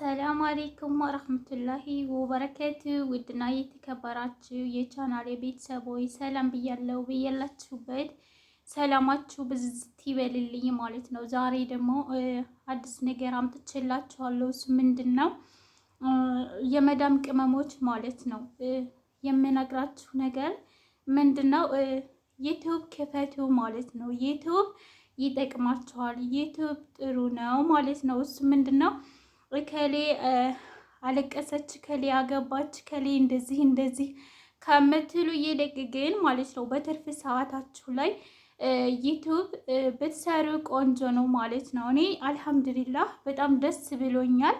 ሰላም አሌይኩም ወረህመቱላሂ ወበረከቱ። ውድና የተከበራችሁ የቻናል የቤተሰቦች ሰላም ብያለው። ብያላችሁበት ሰላማችሁ ብዝት ይበልልኝ ማለት ነው። ዛሬ ደግሞ አዲስ ነገር አምጥቼላችኋለሁ። እሱ ምንድን ነው? የመዳም ቅመሞች ማለት ነው። የምነግራችሁ ነገር ምንድን ነው? ዩቲዩብ ክፈቱ ማለት ነው። ዩቲዩብ ይጠቅማችኋል። ዩቲዩብ ጥሩ ነው ማለት ነው። እሱ ምንድን ነው እከሌ አለቀሰች፣ ከሌ አገባች፣ ከሌ እንደዚህ እንደዚህ ከምትሉ ይልቅ ግን ማለት ነው በትርፍ ሰዓታችሁ ላይ ዩቱብ ብትሰሩ ቆንጆ ነው ማለት ነው። እኔ አልሐምዱሊላህ በጣም ደስ ብሎኛል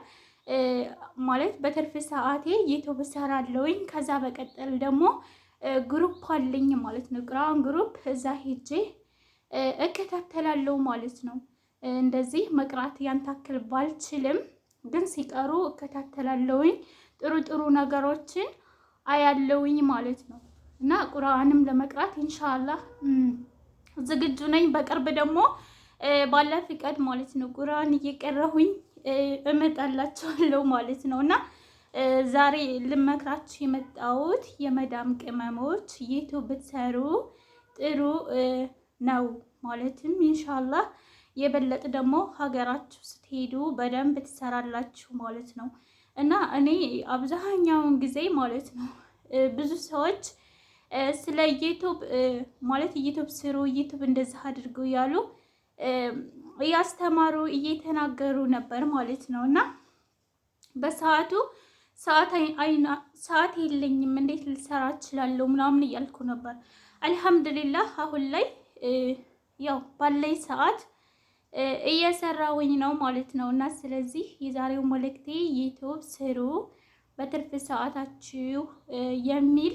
ማለት በትርፍ ሰዓቴ ዩቱብ እሰራለሁኝ። ከዛ በቀጠል ደግሞ ግሩፕ አለኝ ማለት ነው። ቁርአን ግሩፕ እዛ ሄጄ እከታተላለሁ ማለት ነው። እንደዚህ መቅራት ያንታክል ባልችልም ግን ሲቀሩ እከታተላለሁኝ ጥሩ ጥሩ ነገሮችን አያለውኝ ማለት ነው። እና ቁርአንም ለመቅራት ኢንሻአላህ ዝግጁ ነኝ። በቅርብ ደግሞ ባላ ፍቃድ ማለት ነው ቁርአን እየቀረሁኝ እመጣላችኋለሁ ማለት ነው። እና ዛሬ ልመክራችሁ የመጣሁት የመዳም ቅመሞች ዩቱብ ብትሰሩ ጥሩ ነው ማለትም ኢንሻአላህ የበለጥ ደግሞ ሀገራችሁ ስትሄዱ በደንብ ትሰራላችሁ ማለት ነው። እና እኔ አብዛኛውን ጊዜ ማለት ነው ብዙ ሰዎች ስለ ዩቱብ ማለት ዩቱብ ስሩ፣ ዩቱብ እንደዚህ አድርጉ እያሉ እያስተማሩ እየተናገሩ ነበር ማለት ነው እና በሰዓቱ ሰዓት የለኝም እንዴት ልሰራ እችላለሁ ምናምን እያልኩ ነበር። አልሐምዱሊላህ አሁን ላይ ያው ባለኝ ሰዓት እየሰራውኝ ነው ማለት ነው። እና ስለዚህ የዛሬው መልእክቴ ዩቲዩብ ስሩ በትርፍ ሰዓታችሁ የሚል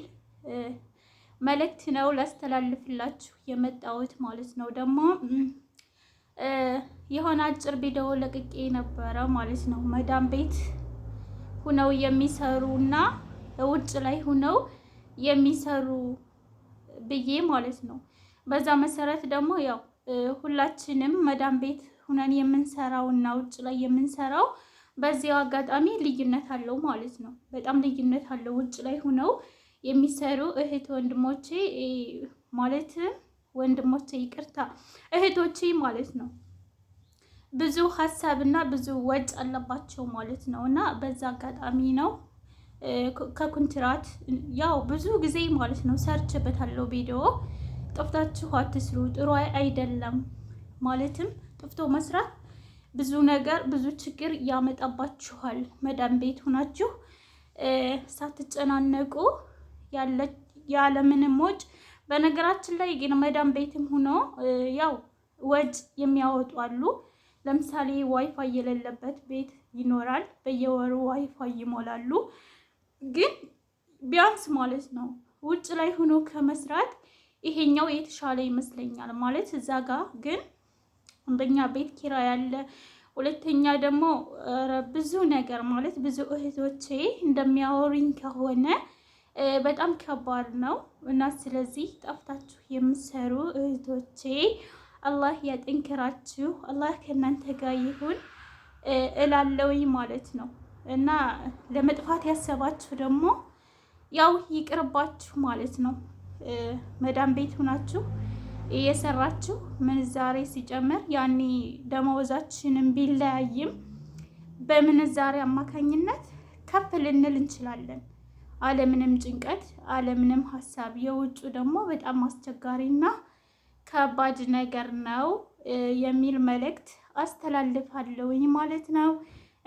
መልእክት ነው ላስተላልፍላችሁ የመጣሁት ማለት ነው። ደግሞ የሆነ አጭር ቪዲዮ ለቅቄ ነበረ ማለት ነው። መዳም ቤት ሁነው የሚሰሩ እና ውጭ ላይ ሁነው የሚሰሩ ብዬ ማለት ነው። በዛ መሰረት ደግሞ ያው ሁላችንም መዳም ቤት ሁነን የምንሰራው እና ውጭ ላይ የምንሰራው በዚያው አጋጣሚ ልዩነት አለው ማለት ነው። በጣም ልዩነት አለው። ውጭ ላይ ሁነው የሚሰሩ እህት ወንድሞቼ ማለት ወንድሞቼ ይቅርታ እህቶቼ ማለት ነው። ብዙ ሀሳብ እና ብዙ ወጭ አለባቸው ማለት ነው እና በዛ አጋጣሚ ነው ከኩንትራት ያው ብዙ ጊዜ ማለት ነው ሰርችበታለው ቪዲዮ ጠፍታችሁ አትስሩ፣ ጥሩ አይደለም። ማለትም ጠፍቶ መስራት ብዙ ነገር ብዙ ችግር ያመጣባችኋል። መዳም ቤት ሆናችሁ ሳትጨናነቁ ያለምንም ወጭ። በነገራችን ላይ ግን መዳም ቤትም ሆኖ ያው ወጭ የሚያወጡ አሉ። ለምሳሌ ዋይፋይ የሌለበት ቤት ይኖራል። በየወሩ ዋይፋይ ይሞላሉ። ግን ቢያንስ ማለት ነው ውጭ ላይ ሆኖ ከመስራት ይሄኛው የተሻለ ይመስለኛል። ማለት እዛ ጋ ግን አንደኛ ቤት ኪራይ ያለ፣ ሁለተኛ ደግሞ ብዙ ነገር ማለት ብዙ እህቶቼ እንደሚያወሩኝ ከሆነ በጣም ከባድ ነው እና ስለዚህ ጠፍታችሁ የምትሰሩ እህቶቼ አላህ ያጠንክራችሁ፣ አላህ ከእናንተ ጋር ይሁን እላለውኝ ማለት ነው እና ለመጥፋት ያሰባችሁ ደግሞ ያው ይቅርባችሁ ማለት ነው። መዳም ቤት ሁናችሁ እየሰራችሁ ምንዛሬ ሲጨምር ያኔ ደመወዛችንን ቢለያይም በምንዛሬ አማካኝነት ከፍ ልንል እንችላለን። አለምንም ጭንቀት አለምንም ሀሳብ። የውጩ ደግሞ በጣም አስቸጋሪና ከባድ ነገር ነው የሚል መልእክት አስተላልፋለሁኝ ማለት ነው።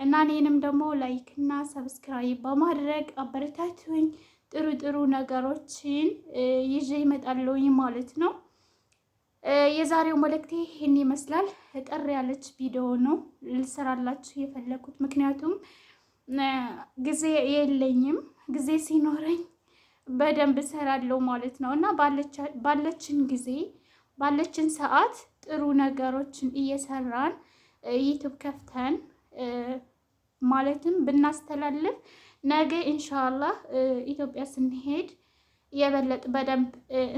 እና እኔንም ደግሞ ላይክ እና ሰብስክራይብ በማድረግ አበረታቱኝ። ጥሩ ጥሩ ነገሮችን ይዤ ይመጣለሁኝ ማለት ነው። የዛሬው መልእክቴ ይህን ይመስላል። ቀር ያለች ቪዲዮ ነው ልሰራላችሁ የፈለኩት ምክንያቱም ጊዜ የለኝም። ጊዜ ሲኖረኝ በደንብ እሰራለሁ ማለት ነው እና ባለችን ጊዜ ባለችን ሰዓት ጥሩ ነገሮችን እየሰራን ዩቱብ ከፍተን ማለትም ብናስተላልፍ ነገ ኢንሻላህ ኢትዮጵያ ስንሄድ የበለጥ በደንብ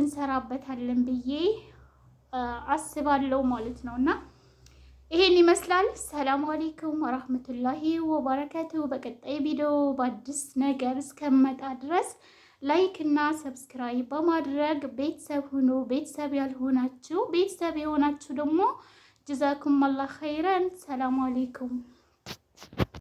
እንሰራበታለን ብዬ አስባለሁ ማለት ነው እና ይሄን ይመስላል። ሰላም አሌይኩም ወራህመቱላሂ ወበረከቱ። በቀጣይ ቪዲዮ በአዲስ ነገር እስከመጣ ድረስ ላይክ እና ሰብስክራይብ በማድረግ ቤተሰብ ሁኑ። ቤተሰብ ያልሆናችሁ ቤተሰብ የሆናችሁ ደግሞ ጅዛኩም አላህ ኸይረን። ሰላም አሌይኩም